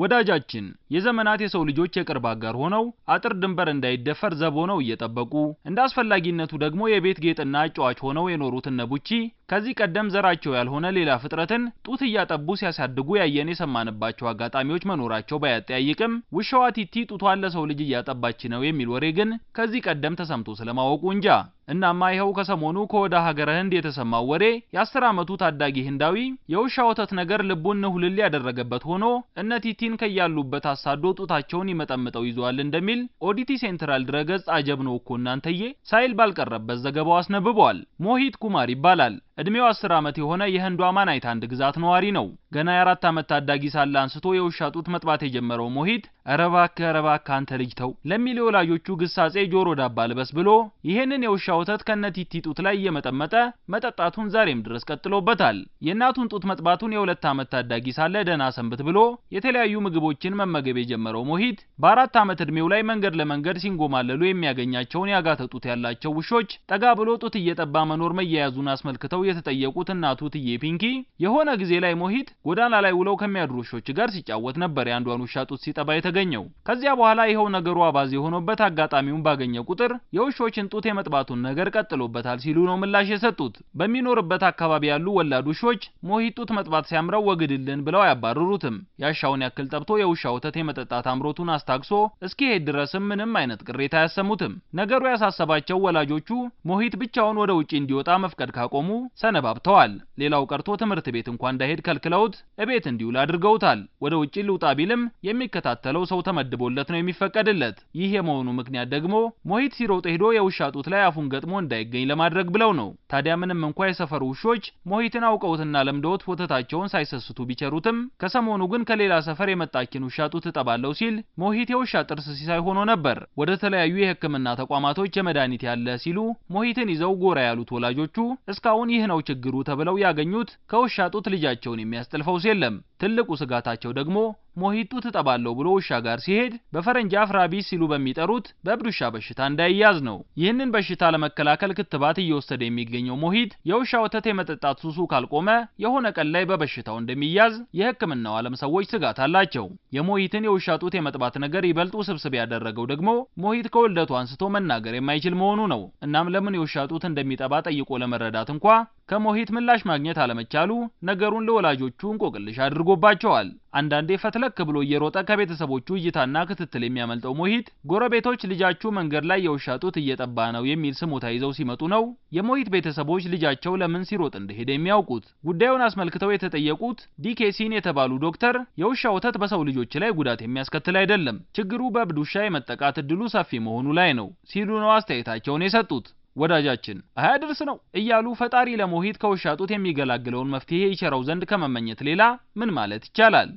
ወዳጃችን የዘመናት የሰው ልጆች የቅርብ አጋር ሆነው አጥር ድንበር እንዳይደፈር ዘብ ሆነው እየጠበቁ እንደ አስፈላጊነቱ ደግሞ የቤት ጌጥና እጫዋች ሆነው የኖሩት እነ ቡቺ ከዚህ ቀደም ዘራቸው ያልሆነ ሌላ ፍጥረትን ጡት እያጠቡ ሲያሳድጉ ያየን የሰማንባቸው አጋጣሚዎች መኖራቸው ባያጠያይቅም ውሻዋ ቲቲ ጡቷን ለሰው ልጅ እያጠባች ነው የሚል ወሬ ግን ከዚህ ቀደም ተሰምቶ ስለማወቁ እንጃ። እናማ ይኸው ከሰሞኑ ከወደ ሀገረ ህንድ የተሰማው ወሬ የአስር ዓመቱ ታዳጊ ህንዳዊ የውሻ ወተት ነገር ልቡን ንሁልል ያደረገበት ሆኖ እነ ቲቲን ከያሉበት አሳዶ ጡታቸውን ይመጠምጠው ይዘዋል እንደሚል ኦዲቲ ሴንትራል ድረገጽ አጀብ ነው እኮ እናንተዬ ሳይል ባልቀረበት ዘገባው አስነብበዋል። ሞሂት ኩማር ይባላል። እድሜው አስር ዓመት የሆነ የህንዱ አማናይት አንድ ግዛት ነዋሪ ነው። ገና የአራት ዓመት ታዳጊ ሳለ አንስቶ የውሻ ጡት መጥባት የጀመረው ሞሂት ኧረ እባክህ አንተ ልጅ ተው ለሚል የወላጆቹ ግሳጼ ጆሮ ዳባ ልበስ ብሎ ይሄንን የውሻ ወተት ከነቲቲ ጡት ላይ እየመጠመጠ መጠጣቱን ዛሬም ድረስ ቀጥሎበታል። የእናቱን ጡት መጥባቱን የሁለት ዓመት ታዳጊ ሳለ ደህና ሰንብት ብሎ የተለያዩ ምግቦችን መመገብ የጀመረው ሞሂት በአራት ዓመት ዕድሜው ላይ መንገድ ለመንገድ ሲንጎማለሉ የሚያገኛቸውን ያጋተ ጡት ያላቸው ውሾች ጠጋ ብሎ ጡት እየጠባ መኖር መያያዙን አስመልክተው የተጠየቁት እናቱ ትዬ ፒንኪ የሆነ ጊዜ ላይ ሞሂት ጎዳና ላይ ውለው ከሚያድሩ ውሾች ጋር ሲጫወት ነበር የአንዷን ውሻ ጡት ሲጠባ የተገ አገኘው። ከዚያ በኋላ ይኸው ነገሩ አባዜ ሆኖበት አጋጣሚውን ባገኘ ቁጥር የውሾችን ጡት የመጥባቱን ነገር ቀጥሎበታል ሲሉ ነው ምላሽ የሰጡት። በሚኖርበት አካባቢ ያሉ ወላድ ውሾች ሞሂ ጡት መጥባት ሲያምረው ወግድልን ብለው አያባርሩትም። ያሻውን ያክል ጠብቶ የውሻ ወተት የመጠጣት አምሮቱን አስታግሶ እስኪሄድ ድረስም ምንም አይነት ቅሬታ አያሰሙትም። ነገሩ ያሳሰባቸው ወላጆቹ ሞሂት ብቻውን ወደ ውጪ እንዲወጣ መፍቀድ ካቆሙ ሰነባብተዋል። ሌላው ቀርቶ ትምህርት ቤት እንኳን እንዳይሄድ ከልክለውት እቤት እንዲውል አድርገውታል። ወደ ውጪ ልውጣ ቢልም የሚከታተለው ሰው ተመድቦለት ነው የሚፈቀድለት። ይህ የመሆኑ ምክንያት ደግሞ ሞሂት ሲሮጥ ሄዶ የውሻ ጡት ላይ አፉን ገጥሞ እንዳይገኝ ለማድረግ ብለው ነው። ታዲያ ምንም እንኳ የሰፈሩ ውሾች ሞሂትን አውቀውትና ለምደውት ወተታቸውን ሳይሰስቱ ቢቸሩትም ከሰሞኑ ግን ከሌላ ሰፈር የመጣችን ውሻ ጡት እጠባለሁ ሲል ሞሂት የውሻ ጥርስ ሲሳይ ሆኖ ነበር። ወደ ተለያዩ የሕክምና ተቋማቶች የመድኃኒት ያለ ሲሉ ሞሂትን ይዘው ጎራ ያሉት ወላጆቹ እስካሁን ይህ ነው ችግሩ ተብለው ያገኙት ከውሻ ጡት ልጃቸውን የሚያስጥልፈውስ የለም። ትልቁ ስጋታቸው ደግሞ ሞሂጡ ትጠባለሁ ብሎ ውሻ ጋር ሲሄድ በፈረንጅ አፍራቢስ ሲሉ በሚጠሩት በእብድ ውሻ በሽታ እንዳይያዝ ነው። ይህንን በሽታ ለመከላከል ክትባት እየወሰደ የሚገኘው ሞሂት የውሻ ወተት የመጠጣት ሱሱ ካልቆመ የሆነ ቀን ላይ በበሽታው እንደሚያዝ የሕክምናው ዓለም ሰዎች ስጋት አላቸው። የሞሂትን የውሻ ጡት የመጥባት ነገር ይበልጥ ውስብስብ ያደረገው ደግሞ ሞሂት ከውልደቱ አንስቶ መናገር የማይችል መሆኑ ነው። እናም ለምን የውሻ ጡት እንደሚጠባ ጠይቆ ለመረዳት እንኳ ከሞሂት ምላሽ ማግኘት አለመቻሉ ነገሩን ለወላጆቹ እንቆቅልሽ አድርጎባቸዋል። አንዳንዴ ፈትለክ ብሎ እየሮጠ ከቤተሰቦቹ እይታና ክትትል የሚያመልጠው ሞሂት ጎረቤቶች ልጃችሁ መንገድ ላይ የውሻ ጡት እየጠባ ነው የሚል ስሞታ ይዘው ሲመጡ ነው የሞሂት ቤተሰቦች ልጃቸው ለምን ሲሮጥ እንደሄደ የሚያውቁት። ጉዳዩን አስመልክተው የተጠየቁት ዲኬሲን የተባሉ ዶክተር የውሻ ወተት በሰው ልጆች ላይ ጉዳት የሚያስከትል አይደለም፣ ችግሩ በእብድ ውሻ የመጠቃት እድሉ ሰፊ መሆኑ ላይ ነው ሲሉ ነው አስተያየታቸውን የሰጡት። ወዳጃችን አያድርስ ነው እያሉ ፈጣሪ ለሞሂት ከውሻጡት የሚገላግለውን መፍትሄ ይቸረው ዘንድ ከመመኘት ሌላ ምን ማለት ይቻላል?